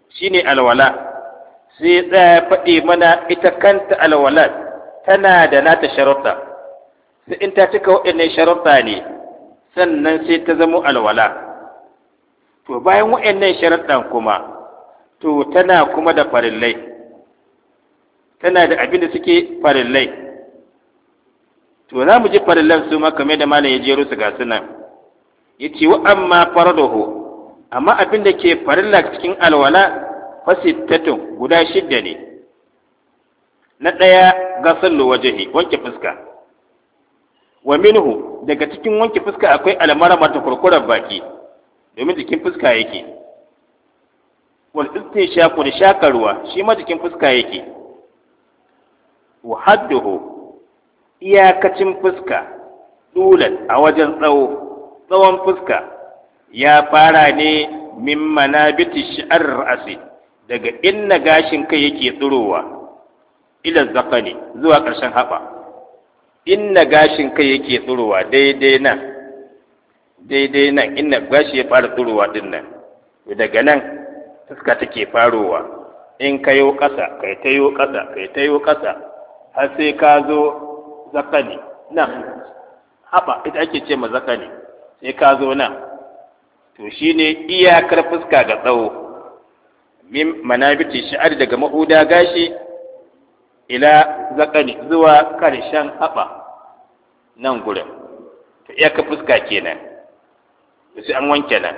shine alwala sai ya tsaya faɗi mana ita kanta alwala tana da nata sharuɗa sai in ta cika waɗannan sharuɗa ne sannan sai ta zama alwala to bayan waɗannan sharuɗan kuma to tana kuma da farillai tana da abin da suke farillai to za mu ji farillan su ma kamar da malam ya jero su ga sunan ya ce wa amma faradahu amma abin da ke farilla cikin alwala fasittatun guda shidda ne na ɗaya gasallu wajahi wanke fuska wa minhu daga cikin wanke fuska akwai almarama ta kurkurar baki domin jikin fuska yake wal istishaku da shaka ruwa shi ma jikin fuska yake wa hadduhu iyakacin fuska dulan a wajen tsawo tsawon fuska ya fara ne min manabiti shi'ar ra'asi daga inna gashin kai yake tsirowa ila zakani zuwa ƙarshen haɓa inna gashin kai yake tsirowa daidai nan daidai nan inna gashi ya fara tsirowa din nan daga nan fuska take farowa in ka ƙasa kai ta ƙasa kai ta ƙasa har sai ka zo zakani nan haɓa ita ake ce ma zakali sai ka zo nan to shi ne iyakar fuska ga tsawo min manabiti sha'ar daga mahuda gashi ila zakani zuwa karshen haɓa nan gurin to iyakar fuska kenan to sai an wanke nan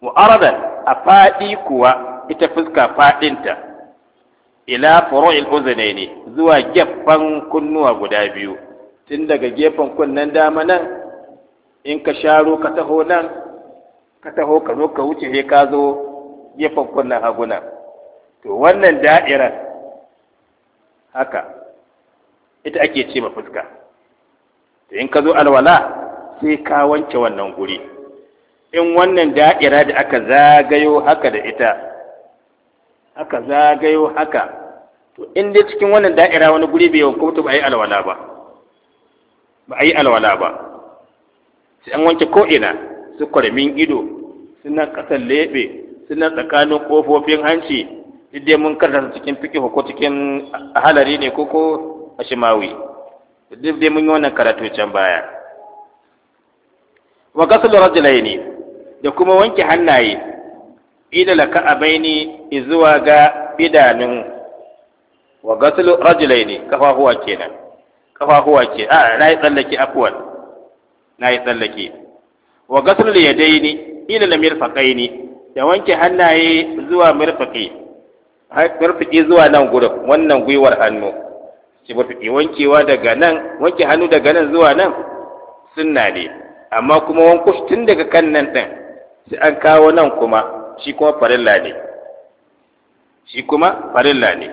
wa aradan a faɗi kuwa ita fuska faɗinta ila furu'il uzunaini zuwa gefen kunnuwa guda biyu tun daga gefen kunnen dama nan in ka sharo ka taho nan ka taho ka zo ka wuce sai ka zo gefen kunnen haguna. to wannan da'irar haka ita ake ce ma fuska to in ka zo alwala sai ka wanke wannan guri in wannan da'ira da aka zagayo haka da ita aka zagayo haka to in dai cikin wannan da'ira wani guri bai hukunta ba a yi alwala ba ba a yi alwala ba sai an wanke ko'ina su kwarmin ido suna ƙasar leɓe suna tsakanin ƙofofin hanci duk dai mun karanta cikin fiki ko cikin halari ne ko ko a shimawi duk dai mun yi wannan karatu can baya wa gasul rajulaini da kuma wanke hannaye ila ka abaini zuwa ga idanun wa gaslu ne kafafuwa kenan kafafuwa ke a na yi tsallake afwan na yi tsallake wa gaslu yadaini ila lamir faqaini da wanke hannaye zuwa mirfaqi mirfaqi zuwa nan gurin wannan gwiwar hannu ci mirfaqi wankewa daga nan wanke hannu daga nan zuwa nan sunna ne amma kuma wanko tun daga kan nan din sai an kawo nan kuma shi kuma farilla ne shi kuma farilla ne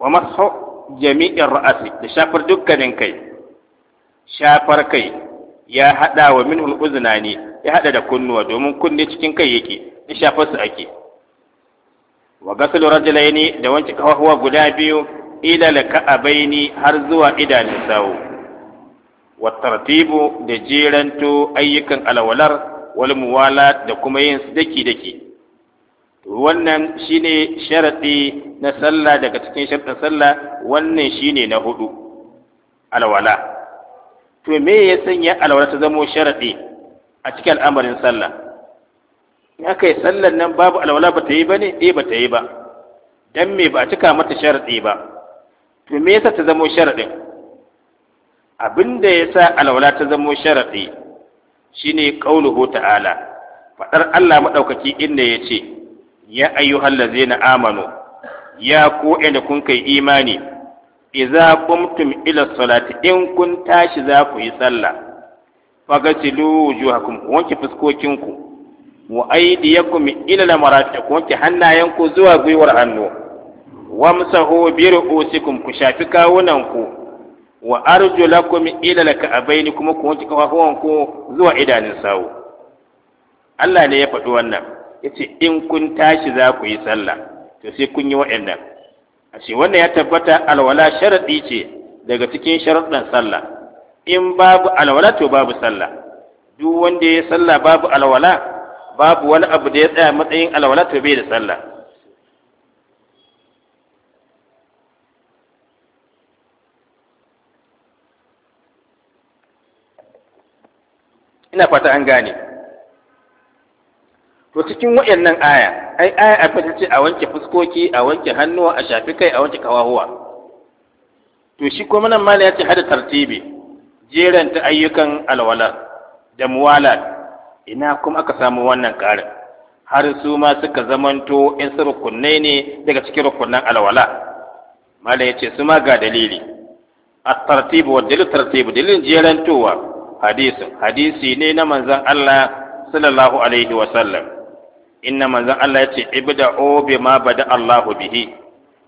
wa masu jami'in ra'asi da shafar dukkanin kai shafar kai ya haɗa wa min uzna ne ya haɗa da kunnuwa domin kunne cikin kai yake ya shafar su ake wa gasalu ne da wanke kafafuwa guda biyu ila laka'abaini har zuwa idanun sawu wa tartibu da jeranto ayyukan alwalar wal muwala da kuma yin su daki daki wannan shine sharadi na sallah daga cikin sharadin sallah wannan shine na hudu alwala to me ya sanya alwala ta zamo sharadi a cikin al'amarin sallah in aka yi sallar nan babu alwala ba ta yi ba ne eh ba ta yi ba dan me ba a cika mata sharadi ba to me yasa ta zamo sharadin abinda yasa alwala ta zamo sharadi shine qauluhu ta'ala fadar Allah madaukaki inda yace ya ayyuhallazina amanu ya ku inda kun kai imani idza qumtum ila salati in kun tashi za ku yi sallah fagasilu wujuhakum ku wanke fuskokinku wa aydiyakum ila lamarati ku wanke hannayenku zuwa gwiwar hannu wamsahu bi ru'usikum ku shafi kawunanku wa lakum ila abaini kuma ku wanke kafafuwan ku zuwa idanun sawu Allah ne ya faɗi wannan yace in kun tashi za ku yi sallah to sai kun yi wa'annan ashe wannan ya tabbata alwala sharadi ce daga cikin sharuɗan sallah in babu alwala to babu sallah duk wanda ya yi sallah babu alwala babu wani abu da ya tsaya matsayin alwala to bai da sallah ina fata an gane to cikin wayannan aya ai aya a fata ce a wanke fuskoki a wanke hannuwa a shafi kai a wanke kawahuwa to shi kuma nan mala ya ce hada tartibi jeranta ayyukan alwala da muwala ina kuma aka samu wannan ƙarin har su ma suka zamanto in su rukunai ne daga cikin rukunan alwala mala ya ce su ma ga dalili a tartibu wa dalil tartibu dalilin jerantowa hadisin hadisi ne na manzon Allah sallallahu alaihi wa sallam inna manzon Allah yace bi ma bada Allahu bihi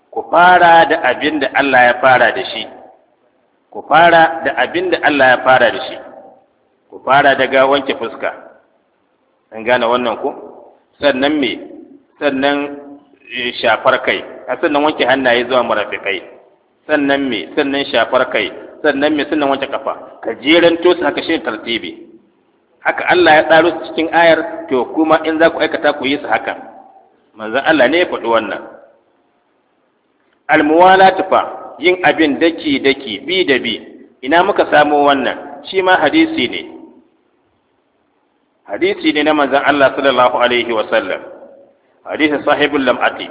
ku fara da abin da Allah ya fara da shi ku fara da abin da Allah ya fara da shi ku fara daga wanke fuska an gane wannan ku sannan me sannan eh, shafar kai sannan wanke hannaye zuwa marafikai sannan me sannan shafar kai sannan mai sunan wancan kafa ka to su haka shi tartibi haka Allah ya tsaro su cikin ayar to kuma in za ku aikata ku yi su haka manzon Allah ne ya faɗi wannan almuwalatu fa yin abin daki daki bi da bi ina muka samo wannan shi ma hadisi ne hadisi ne na manzon Allah sallallahu alaihi wa sallam hadisi sahibul lam'ati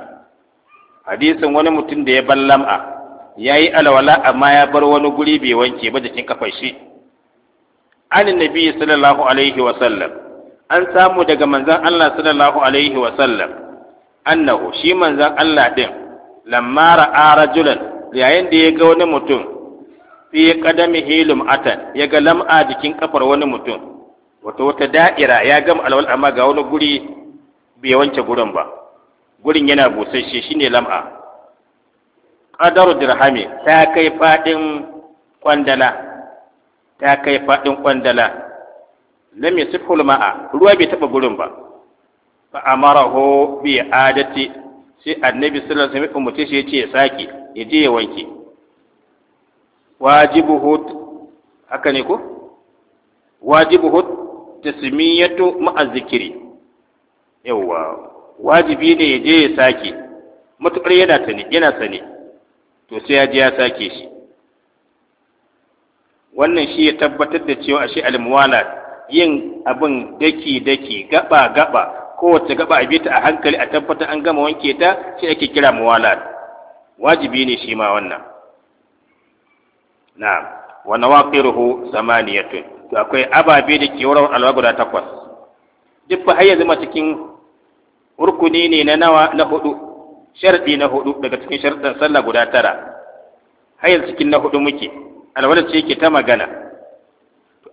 hadisin wani mutum da ya ban lam'a ya yi alwala amma ya bar wani guri bai wanke ba jikin kafar shi an nabi sallallahu alaihi wa sallam an samu daga manzon Allah sallallahu alaihi wa sallam annahu shi manzon Allah din lamma ra'a rajulan yayin da ya ga wani mutum fi hilum atan ya ga lam'a jikin kafar wani mutum wato wata da'ira ya gama alwal amma ga wani guri bai wanke gurin ba gurin yana busasshe shine lam'a qadaru dirhami ta kai fadin kwandala ta kai fadin kwandala lam yasihul ma'a ruwa bai taba gurin ba fa amarahu bi adati sai annabi sallallahu alaihi wasallam umurce shi yace ya saki ya je ya wanke wajibuhu haka ne ko wajibuhu tasmiyatu ma'a zikri yawa wajibi ne ya je ya saki matukar yana sani yana sani to sai ya ji ya sake shi wannan shi ya tabbatar da cewa ashe almuwala yin abin daki daki gaba gaba kowace gaba a bita a hankali a tabbatar an gama wanke ta shi ake kira muwala wajibi ne shi ma wannan na'am wa nawaqiruhu samaniyatu to akwai ababe da ke wurin alwa guda takwas duk fa har zama cikin rukuni ne na nawa na hudu sharɗi na hudu daga cikin sharɗin sallah guda tara hayar cikin na hudu muke alwala ce yake ta magana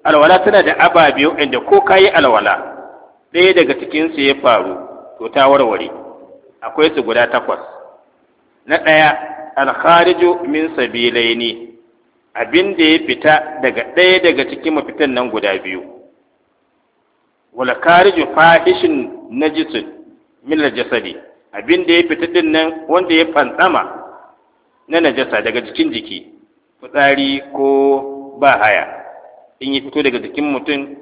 alwala tana da ababe inda ko ka yi alwala ɗaya daga cikin su ya faru to ta warware akwai su guda takwas na ɗaya alkhariju min sabilaini abin da ya fita daga ɗaya daga cikin mafitan nan guda biyu wala khariju fahishin najisun min jasadi abin da ya fita din nan wanda ya fantsama na najasa daga jikin jiki fitsari ko ba haya in ya fito daga jikin mutum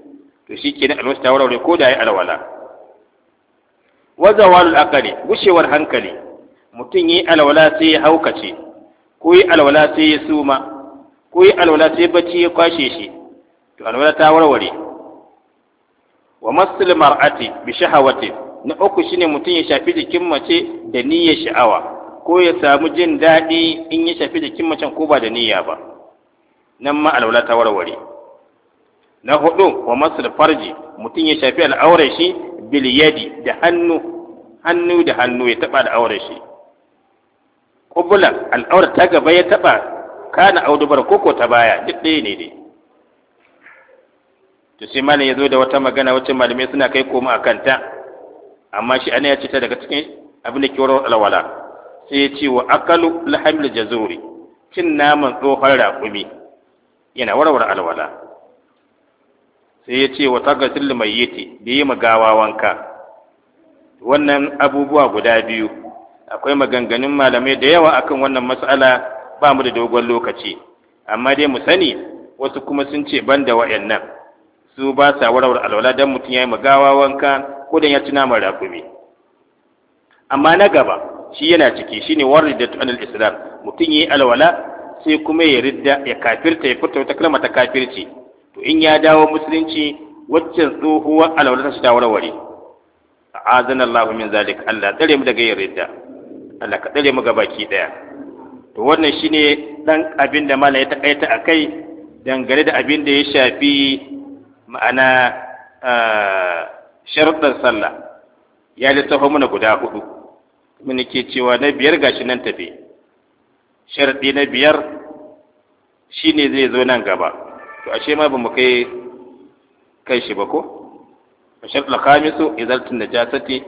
to shi ke alwashi ta warware ko da ya alwala wazawalul akali gushewar hankali mutum ya yi alwala sai ya haukace ko yi alwala sai ya suma ko yi alwala sai bacci ya kwashe shi to alwala ta warware wa masul mar'ati bi shahawatin na uku shine mutum ya shafi jikin mace da niyyar sha'awa ko ya samu jin daɗi in ya shafi jikin macen ko ba da niyya ba nan ma alwala ta warware na hudu wa masul farji mutum ya shafi al'aurar shi bil yadi da hannu hannu da hannu ya taba shi kubula al'aurar ta gaba ya taba kana audubar koko ta baya duk ɗaya ne dai to sai malam ya zo da wata magana wacce malamai suna kai koma a kanta amma shi ana ya ce ta daga cikin abin da ke warwar alwala sai ya ce wa akalu lahamil jazuri cin naman tsohon raƙumi yana warware alwala sai ya ce wa tagasil mayyiti da yi magawa wanka wannan abubuwa guda biyu akwai maganganun malamai da yawa akan wannan matsala ba mu da dogon lokaci amma dai mu sani wasu kuma sun ce ban da wa'annan su ba sa warware alwala don mutum ya yi magawa wanka ko don ya ci naman rakumi amma na gaba shi yana ciki shi ne shine da anil islam mutum ya yi alwala sai kuma ya ridda ya kafirta ya furta wata kalmata kafirci to in ya dawo musulunci waccan tsohuwa alwala ta shi ta warware azan Allah min zalik Allah tsare mu daga yin ridda Allah ka tsare mu ga baki ɗaya. to wannan shine dan abin da ya ta kaita akai dangane da abin da ya shafi ma'ana eh, sharuɗan sallah ya littafa mana guda hudu mun ke cewa na biyar gashi nan tafi sharaɗi na biyar shine zai zo nan gaba to ashe ma bamu kai kai shi ba ko sharaɗul khamisu izalatu najasati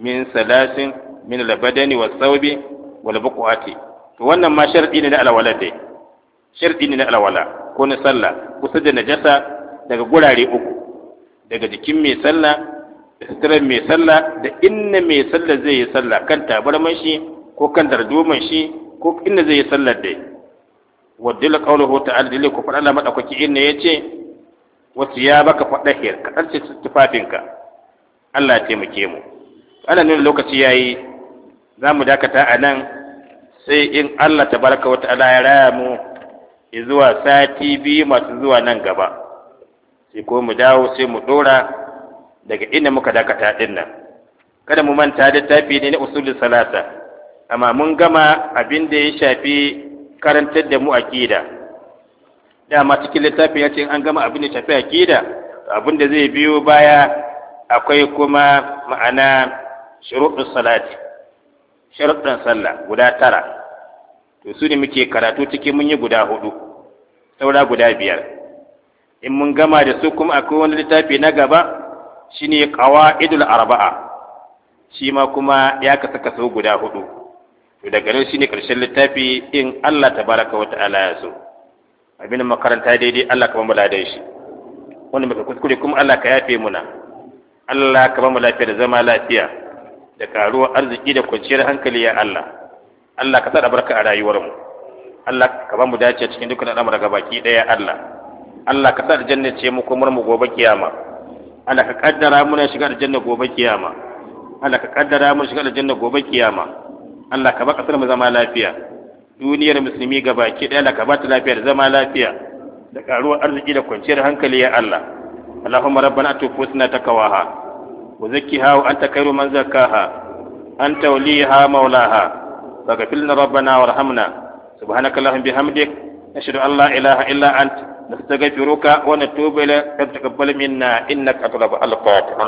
min salasin min labadani wasawbi wal buqati to wannan ma sharaɗi ne na alwala dai sharaɗi ne na alwala ko na sallah kusa da najasa daga gurare uku daga jikin mai sallah da suturar mai sallah da inna mai sallah zai yi sallah kan tabarman shi ko kan darduman shi ko inna zai yi sallah dai wadda la hu ta'ala dalil ku fara mada kuke inna yace wasu ya baka fada her ka tufafinka Allah ya taimake mu ana nuna lokaci yayi zamu dakata a nan sai in Allah tabaraka wa ta'ala ya raya mu zuwa sati biyu masu zuwa nan gaba sai ko mu dawo sai mu dora daga inda muka dakata din nan kada mu manta littafi ne na usulul salasa amma mun gama abin da ya shafi karantar da mu akida dama cikin littafin ya ce an gama abin da shafi akida abin da zai biyo baya akwai kuma ma'ana shuruɗin salati shuruɗin sallah guda tara to su ne muke karatu cikin mun yi guda hudu saura guda biyar in mun gama da su kuma akwai wani littafi na gaba shine qawaidul arba'a shi ma kuma ya kasa kaso guda hudu to daga nan shine karshen littafi in Allah tabaraka wata'ala ya so abin makaranta daidai Allah ka bamu ladan shi wanda muka kuskure kuma Allah ka yafe muna Allah ka mu lafiya da zama lafiya da karuwar arziki da kwanciyar hankali ya Allah Allah ka sa da barka a rayuwar mu Allah ka bamu dace cikin dukkan al'amura gabaki daya Allah Allah ka sa aljanna ce mu komar mu gobe kiyama Allah ka kaddara mu na shiga aljanna gobe kiyama Allah ka kaddara mu shiga aljanna gobe kiyama Allah ka ba kasar mu zama lafiya duniyar musulmi gaba ki da Allah ka ba ta lafiya da zama lafiya da karuwar arziki da kwanciyar hankali ya Allah rabbana ربنا آت نفوسنا تقواها وزكها وأنت خير من زكاها أنت وليها مولاها فاغفر لنا rabbana warhamna subhanaka allahumma bihamdika نشهد أن لا إله إلا أنت نستغفرك ونتوب إليك تقبل منا إنك أتوب القادر